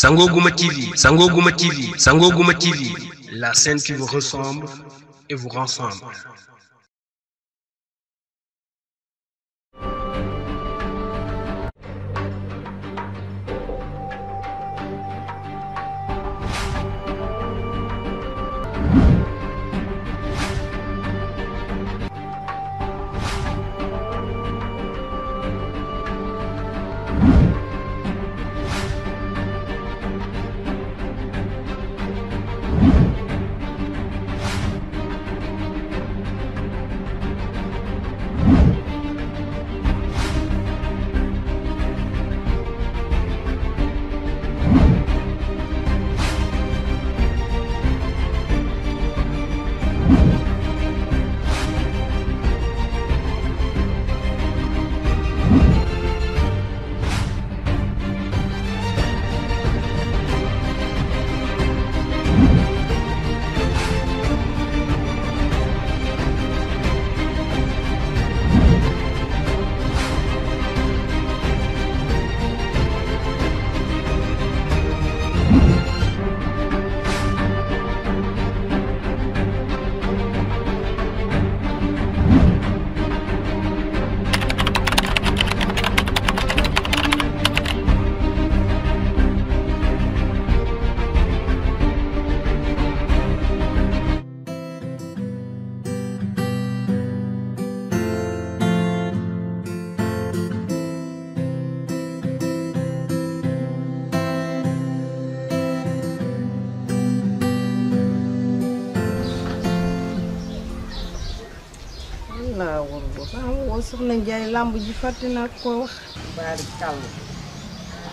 Sangoguma TV, Sangoguma TV, Sangoguma TV, la scène qui vous ressemble et vous rassemble. maa ngi woo Soxna Ndiaye làmb ji fàtte naa ko wax. baari kàll.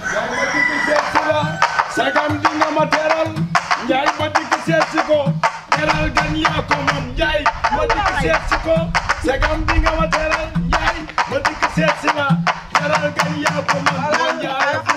Ndiaye ba dikk seet si la. sagam di nga ma teral. Ndiaye ba dikk seet si ko. teral gan yaa ko moom Ndiaye. ma dikk seet si ko. sagam di nga ma teral. Ndiaye ba dikk seet si la. teral gan yaa ko moom Ndiaye.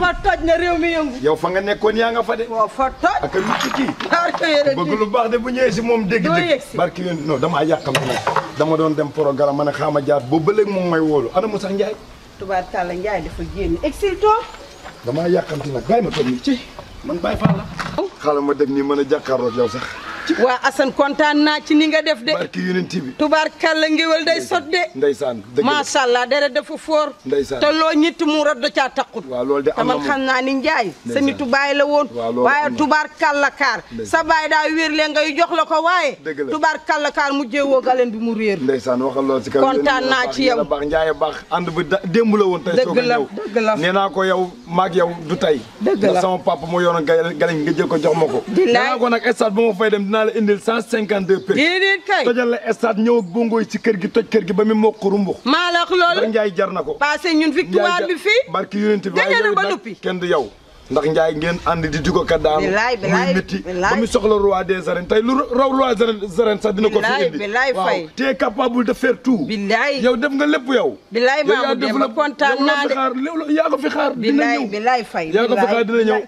fa toj na réew mi yëngu. yow fa nga nekkoon yaa nga fa de. waaw fa toj ak lu lu baax de bu ñëwee si moom dégg dégg barki yoon non damaa yàqam na dama doon dem programme man a xaama jaar ba ba moom may wóolu ana mu sax Ndiaye. tubaar Talla Ndiaye dafa génn exil toog. damaa yàqamti nag bàyyi ma toog nii ci man bàyyi faa la. Oh. ma dem nii mën a jàkkaarloo yow sax wa asan contane na ci ni nga def de. barki yonent bi tubaarkàlla wal day sot de. ndeysaan ma sha allah dara dafa for ndeysaan te lo ñitt mu rod ca caa wa lol de amal na ni njaay sa nitu baay la won waaw loolu waaye tubaarkàlla sa baay da wir le ngay jox lako ko waaye. dëgg la tubaarkàlla mu jewo galen bi mu reer ndaysan waxal lo ci kaw contane na ci yow bax njaay bax and bu dembu la won tey soog a neena ko yow maag yow du tay sama papa mo yoroon galen nga jël ko jox mako dina ko nak stade bu ma fay dem dina dinaa la indil cent cinquante deux prix. déedéet kay tojal la stade ñëw ak bongo yi kër gi toj kër gi ba mu mokk rumbu. maa la wax loolu Njaay jar na ko. passé ñun victoire bi fii. barki yonent bi waaye kenn du yow. ndax Ndiaye ngeen ànd di jugo ka daanu muy métti ba soxla roi des arènes tey lu raw roi des arènes sax dina ko fi indi waaw tu es capable de faire tout bilaay yow def nga lépp yow bilaay maa ngi dem kontaan naa de yaa ko fi xaar dina ñëw bilaay fay yaa ko fi xaar dina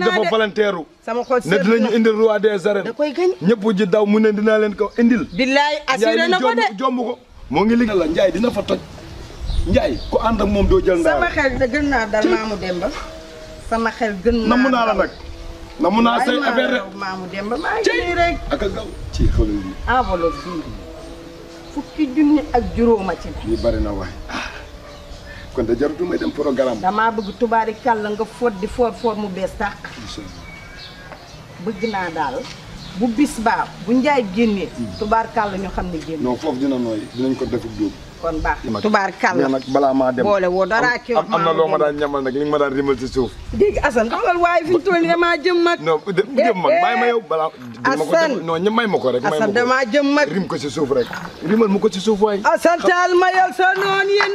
ñëw sama xol ne dinañu indil roi des arènes da daw mu ne dinaa leen ko indil bilaay assuré na ko de jomb moo ngi liggéey la Ndiaye dina fa toj Ndiaye ku ànd moom doo jël ndaw sama xel da gën naa dal maamu Demba sama xel gën naa namm naa la nag. namm a say affaire rek maamu Demba maa ngi nii rek. ak a gaw ci xol yi. enveloppe bii fukki junni ak juróoma ci lii bari na waay ah. kon da jarul may dem programme. damaa bëgg tubaari kàlla nga fóot di fóot fóot mu bees tàq. bëgg naa daal. bu bis baa bu njaay génnee. Hmm. tubaar kàlla ñu xam ne génn. non foofu dina nooy dinañ ko def ak kon baax tubaar kàlla nag balaa maa dem boole woo dara ci am na loo ma daan ñamal nag li nga ma daan rimal ci suuf dégg Assane xoolal waaye fi ñu toll nii damaa jëm mag non eh, jëm ma eh. yow balaa Assane may ma ko rek Assane damaa jëm mag rim ko ci suuf rek rimal mu ko ci suuf waay Assane taal ma yal sa noon yi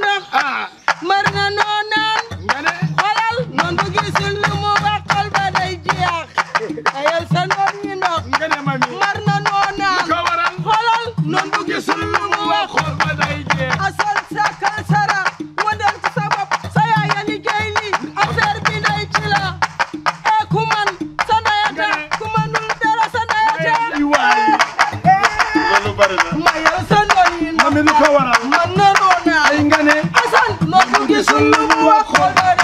ma ko waral. man nanoo ay nga ne. Assane loolu gisul lu mu wax xoolal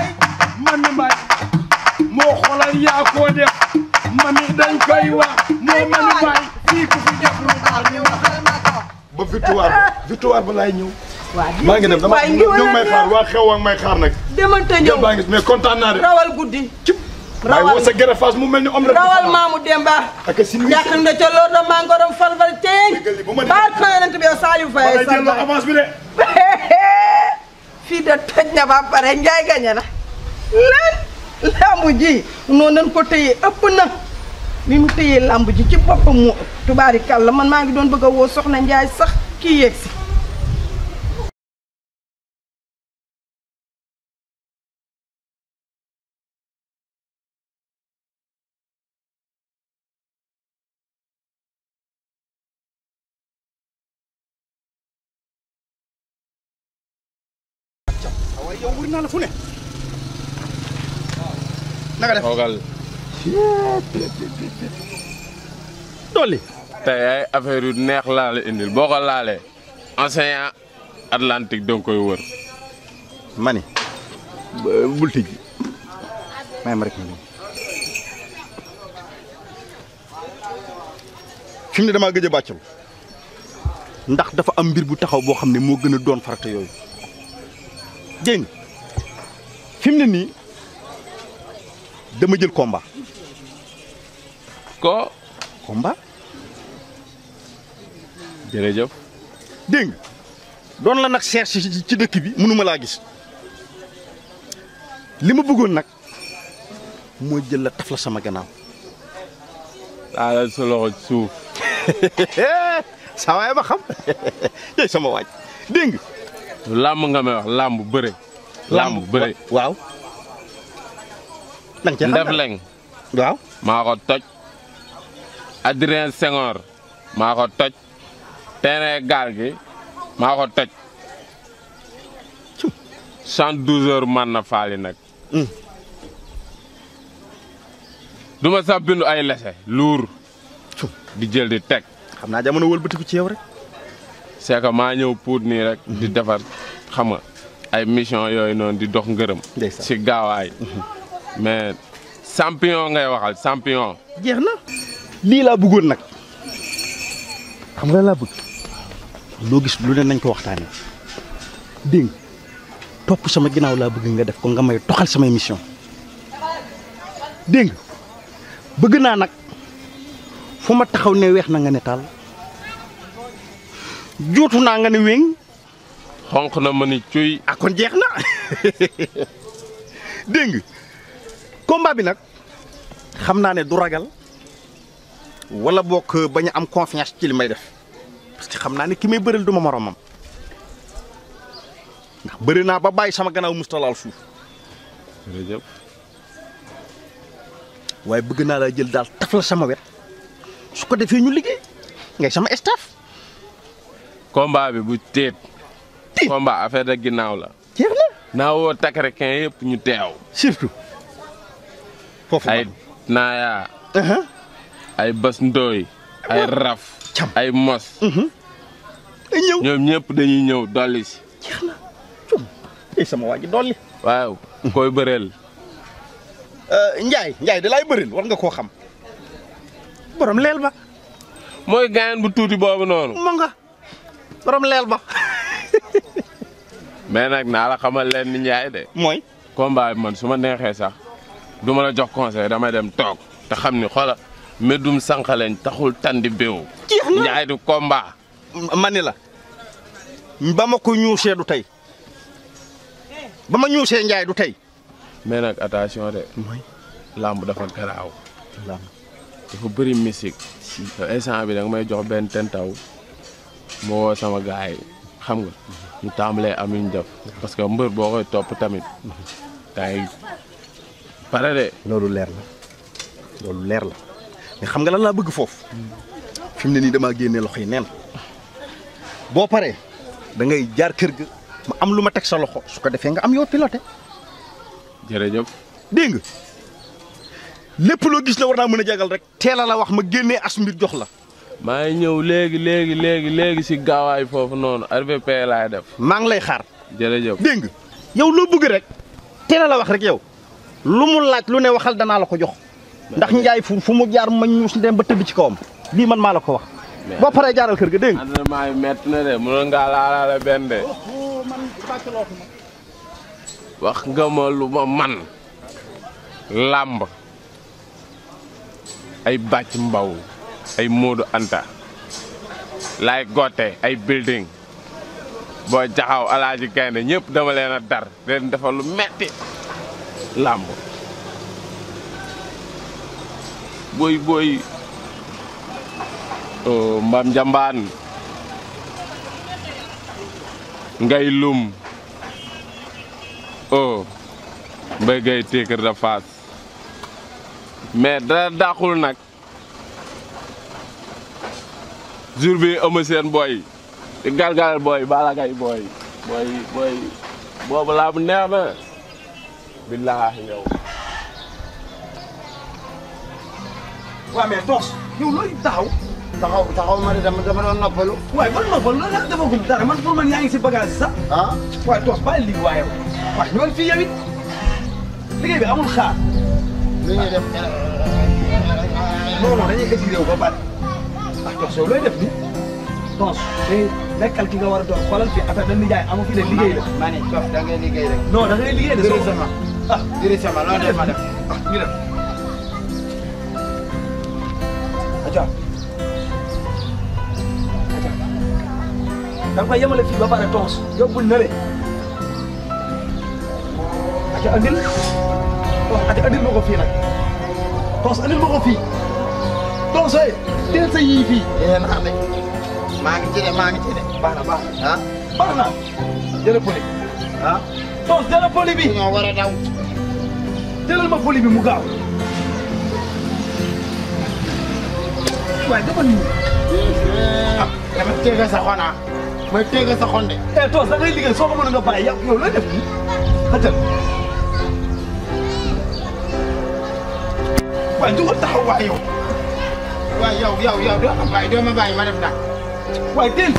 man mbaay moo xoolal yaa ko def mami dañ koy wax moo mami mbaay fii ku ma victoire victoire ba laay ñëw. waa maa ngi dem dama ñoom may xaar waa xew ak may xaar nag. demante ñëw baa ngi mais kontaan rawal guddi. rawal mu mel ni om rawal maamu Demba. ak a si yàq nga ca loolu fal ma avance bi de. fii de toj na ba pare Ndiaye gañe na lan lambu ji noonu nañ ëpp na li mu téye lambu ji ci boppam moo ëpp tubaari kàlla man maa ngi doon bëgg a woo soxna Ndiaye sax kii yegg yow wër naa dolli. tey ay yu neex laal la indil boo ko laalee océan Atlantique danga koy wër. mani bul tijji may ma rek ma fi ne damaa gëj a ndax dafa am mbir bu taxaw boo xam ne moo gën a doon farata yooyu. dégg fi mu ne nii dama jël combat. ko combat. jërëjëf. dégg doon la nag cherche ci dëkk bi mënuma laa gis li ma bëggoon nag moo jël la taf la sama gannaaw. laalal sa loxo suuf. saa ba xam yooyu sama waaj dégg làmb nga may wax làmb bëre. làmb bëre waaw. da nga ndef le waaw maa ko toj. Adrien Senghor maa ko toj. terrain gaal gi maa ko toj. cent douze heures man na faali nag. Hmm. du ma sax bindu ay lese luur. di jël di teg. xam naa jamono wëlbatiku ci yow rek. c'est que ma ñëw pour ni rek di défar xam nga ay mission yoy non di dox ngeureum ci gaway mais champion ngay waxal champion jeexna li la bëggul nak xam nga la bëgg lo gis lu ne nañ ko ding top sama ginaaw la bëgg nga def ko nga may toxal sama mission Ding. bëgg na nak tahu taxaw ne wex na nga netal juutu na nga ne wing xonq na ma ni cuy ah kon jeex na dégg combat bi nak xamna ne du ragal wala bok baña am confiance ci limay def parce que xamna ne ki may bëral du moromam ndax bëri ba bay sama gannaaw mustalal fu jërëjëf waaye bëgg na la jël dal tafla sama wet su ko defee ñu liggé ngay sama staff combat bi bu teet. combat affaire rek ginnaaw la. jeex na naa woo takarikin yëpp ñu teew. surtout. foofu ay naaya. Uh-huh. ay bas ndooy. ay raf. ay mos. Uh-huh. ñëw ñëpp dañuy ñëw dolli si. jeex na ay sama waa dolli. waaw koy bëreel. Uh, Njaay Njaay da laay bëril war nga koo xam. borom leel ba. mooy gaayan bu tuuti boobu noonu. borom leel ba. mais nag naa la xamal leen ni Ndiaye de. mooy. combat bi man su ma neexee sax du ma la jox conseil damay dem toog te xam ni xoola medum sànqaleñ taxul tandi béew. jeex na Ndiaye du combat. ma la ba ma ko ñuusee du tey ba ma ñuusee Ndiaye du tey. mais nag attention de. mooy làmb dafa garaaw. làmb dafa bëri musique. instant bi da nga may jox benn ten taw mo sama gaay xam nga ñu tambalé amuñ def parce que mbeur bo koy top tamit tay pare de loolu leer la lolu lèr la mais xam nga lan la bëgg fofu fim mu ne nii damaa génne loxo yi neen boo da ngay jaar kër ga ma am luma tek sa loxo su ko défé nga am yo piloté jéré dégg nga lépp lo gis ne war naa jagal rek téla la wax ma génnee as mbir jox la maa ngi ñëw léegi léegi léegi léegi si gaawaay foofu noonu RVP laay def. maa ngi lay xaar. jërëjëf dégg yow loo bëgg rek teel a la wax rek yow lu mu laaj lu ne waxal danaa la ko jox. ndax Ndiaye fu fu mu jaar ma ñuus dem ba tëb ci kawam lii man maa la ko wax. boo paree jaaral kër gi dégg nga. entraînement yi na de mënoon ngaa laalaale benn wax nga ma lu ma man làmb ay bàcc mbaw. ay Modou Anta laay goote ay building boo jaxaw alaaji gaynde ñëpp dama leen a dar leen defal lu metti làmb booy booy oh, mbam njambaan ngay lum o oh, mbéy gay téekër da faas daaxul nag jour bi ëmm seen booy di galgal booy baala kay booy booy boobu laa neex na billaahi yow. waaw mais toog yow looy taxaw. taxaw taxaw ma ne man noppalu si bagage sax. ah waaye toog bàyyi lii waaye wu. waaye bi amul xaar. li ñuy def non non ba pare. wax soo looy def nii donc day nekkal ki nga war a doon xoolal fi affaire dañ ni jaay amu fi de liggéey la. ma ne dof da ngay liggéey rek. non da ngay liggéey de soo ko ah directement loo def ma def ah ñu def. atia atia da nga koy yemale fii ba pare tons yóbbul na le atia andil tons atia andil ma ko fii nag tons andil ma ko fii. conseil teel sa yii fii maa ngi ci de maa ngi ci de baax na ah. poli ah toos jëlal poli bi ñoo war a daw ma poli bi mu gaaw waaye dafa nii ah dama tege sa xon ah mooy tege sa xon de eh, nga bàyyi yow looy def nii xëccal waaye dugal 我要要要得，不买得吗？不买吗？那不买。我一定。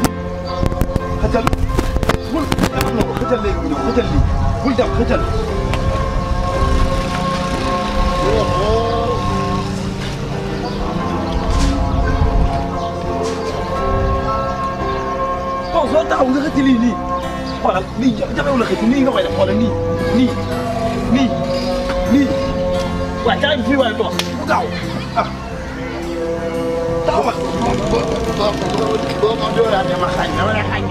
他真。他不弄，他真灵，他真灵，不灵他真。光说打我这个这里，不能离，要不然我这里弄不来，不能离，离，离，离。我讲一万多，不够啊。boo boo boo boo ma dóoraatee ma xañ dama lay xañ.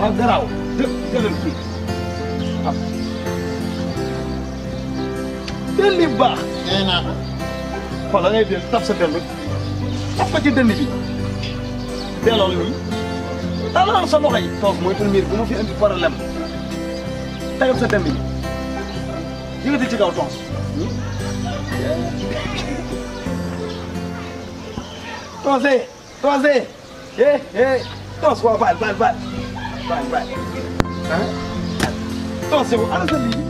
waaw garaaw dëkk jëlal kii waaw. dënn bi baax. nee naa ko. xool da ngay jël taf sa dënn taf ko ci dënn bi. delloo la nii. tàllal sa loxo yi. toog mooy premier bu ma fi indi problème tegal sa dënn bi yëngati ci kaw toog. Tonze, tonze. Hé, hé. Toz wapal, pal, pal. Pal,